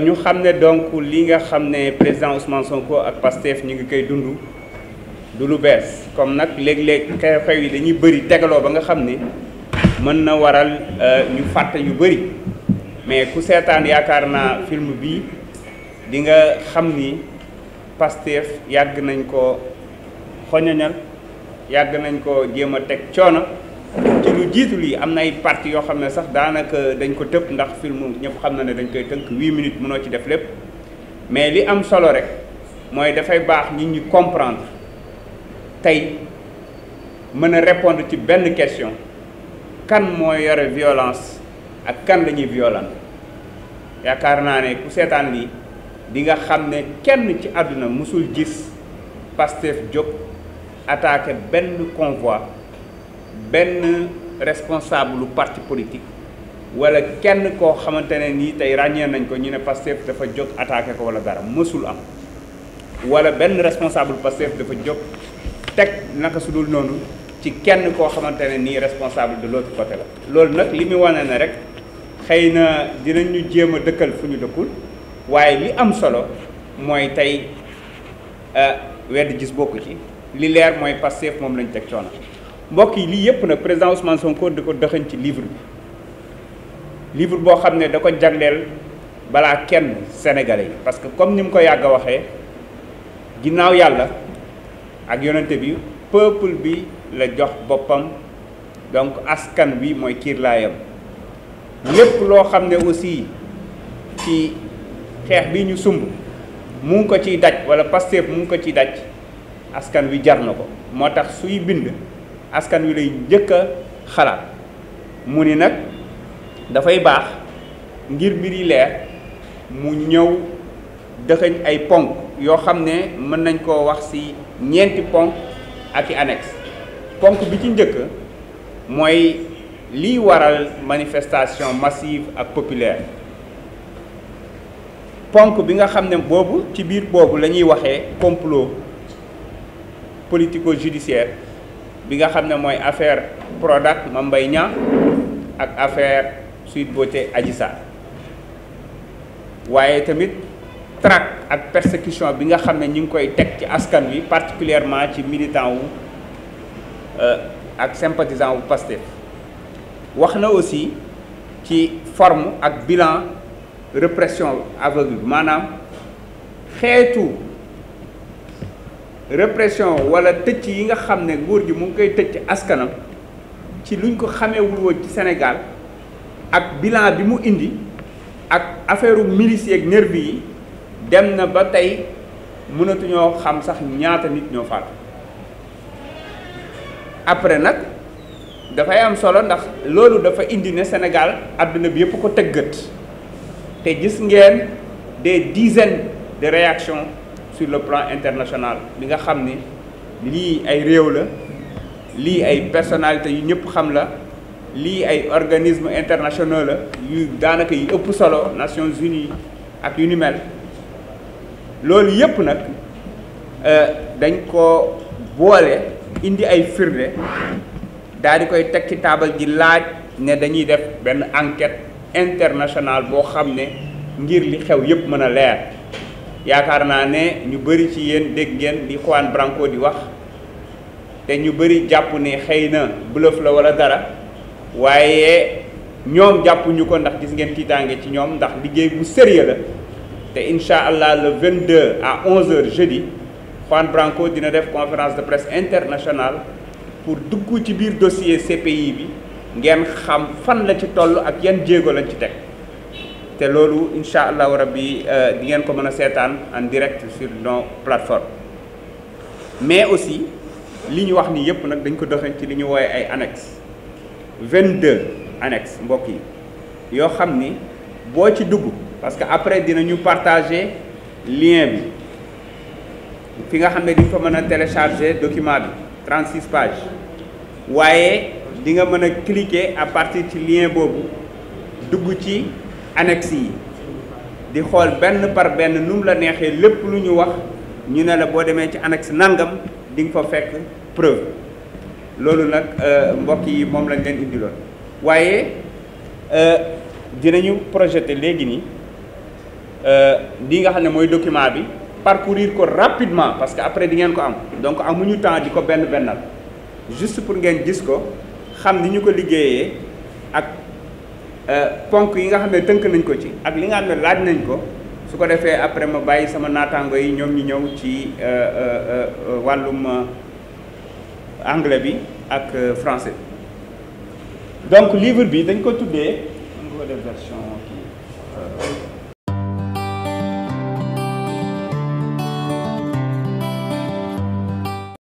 ñu xam ne donc li nga xam ne président Ousmane Sonko ak Pastef ñu ngi koy dund du lu bees comme nag léeg-léeg xew-xew yi dañuy bëri tegaloo ba nga xam ne mën na waral euh, ñu fàtte yu bëri mais ku seetaan yaakaar naa film bi dinga xam ni Pastef yàgg nañ ko xoñoñal yàgg nañ ko jéem a teg coono ci lu jiitu lii am na ay parties yoo xam ne sax daanaka dañ ko tëb ndax film ñëpp xam na ne dañ koy tënk huit minutes mënoo ci def lépp mais li am solo rek mooy dafay baax nit ñu comprendre tey mën a répondre ci benn question kan moo yore violence ak kan lañuy ñuy violent yaakaar naa ne ku seetaan lii di nga xam ne kenn ci àdduna mosul gis Pastef jóg attaqué benn convoi benn responsable lu parti politique wala kenn koo xamante ne nii tey ràññee nañ ko ñu ne Pastef dafa jóg attaqué ko wala dara mësul am wala benn responsable Pastef dafa jóg teg naka su dul noonu ci kenn koo xamante ne nii responsable de l'autre côté la. loolu nag li mu wane ne rek xëy na dinañu jéem a dëkkal fu ñu dëkkul waaye li am solo mooy tey euh, wedd gis bokku ci li leer mooy Pastef moom lañ teg coono. mbokk yi lii yëpp nag président Ousmane Sonko di ko doxañ ci livre bi livre boo xam ne da ko jagleel balaa kenn sénégal yi parce que comme ni mu ko yàgg a waxee ginnaaw yàlla ak yonente bi peuple bi la jox boppam donc askan wi mooy kiirlaayam lépp loo xam ne aussi ci xeex bi ñu sumb mu ngi ko ciy daj wala Pastef mu ngi ko ciy daj askan wi jar na ko moo tax suy bind askan wi lay njëkk a xalaat mu ni nag dafay baax ngir mbir leer mu ñëw dëxëñ ay ponk yoo xam ne mën nañ koo wax ci ñeenti ponk ak i annexe ponk bi ci njëkk mooy liy waral manifestation massive ak populaire ponk bi nga xam ne boobu ci biir boobu la ñuy waxee complot politico-judiciaire bi nga xam ne mooy affaire Prodac Mame Mbaye Niang ak affaire Sweet Beauté Adji Sarr waaye tamit traque ak persécution bi nga xam ne ñu ngi koy teg ci askan wi particulièrement ci militant wu euh, ak sympathisant wu Pastef wax na aussi ci forme ak bilan répression aveugle maanaam xeetu repression wala tëcc yi nga xam ne góor gi mu ngi koy tëcc askanam ci lu luñ ko xamewul woon ci Sénégal ak bilan bi mu indi ak affaire milice ak nervi yi dem na ba tey mënatuñoo xam sax ñaata nit ñoo faatu après nag dafay am solo ndax loolu dafa indi ne senegal àdduna bi yëpp ko tëggat te gis ngeen des dizaines de réactions sur le plan international bi nga xam ni lii ay réew la lii ay personnalités yu ñëpp xam la lii ay organisme internationaux la yu daanaka yu ëpp solo Nations Unies ak yu ni mel loolu yëpp nag euh, dañ ko boole indi ay firnde daal di koy teg ci taabal ji laaj ne dañuy def benn enquête international boo xam ne ngir li xew yëpp mën a leer yaakaar naa ne ñu bëri ci yéen dégg ngeen di Juan Branco di wax te ñu bëri jàpp ni xëy na bluff la walla dara waaye ñoom ñu ko ndax gis ngeen tiitaange ci ñoom ndax liggéey bu sérieux la te incha allah le 22 à 11h jeudi Juan Branco dina def conference de presse internationale pour duggu ci biir dossier CPI bi ngeen xam fan la ci toll ak yenn jéego lañ ci teg. te loolu incha allahu rabbi euh, di ngeen ko mën a seetaan en direct sur nos plateformes mais aussi li ñu wax ni yëpp nag dañ ko doxee ci li ñu wooye ay annexes 22 annexes mbokk yi yoo xam ni boo ci dugg parce que après dinañu partager lien bi fi nga xam ne di nga fa mën a télécharger document bi 36 pages waaye di nga mën a cliquer à partir ci lien boobu dugg ci. annexe yi di xool benn par benn nu mu la neexee lépp lu ñu wax ñu ne la boo demee ci annexe nangam di nga fa fekk preuve loolu nag euh, mbokk yi moom lañ leen indiloon waaye euh, dinañu projeté léegi nii euh, li nga xam ne mooy document bi parcourir ko rapidement parce que après di ngeen ko am donc amuñu temps di ko benn bennal juste pour ngeen gis ko xam ni ñu ko liggéeyee ak Euh, ponk yi nga xam ne tënk nañ ko ci ak li nga xam ne laaj nañ ko su ko defee après ma bàyyi sama naataango yi ñoom ñu ñëw ci euh, euh, wàllum anglais bi ak français donc livre bi dañ ko tuddee nga ko def version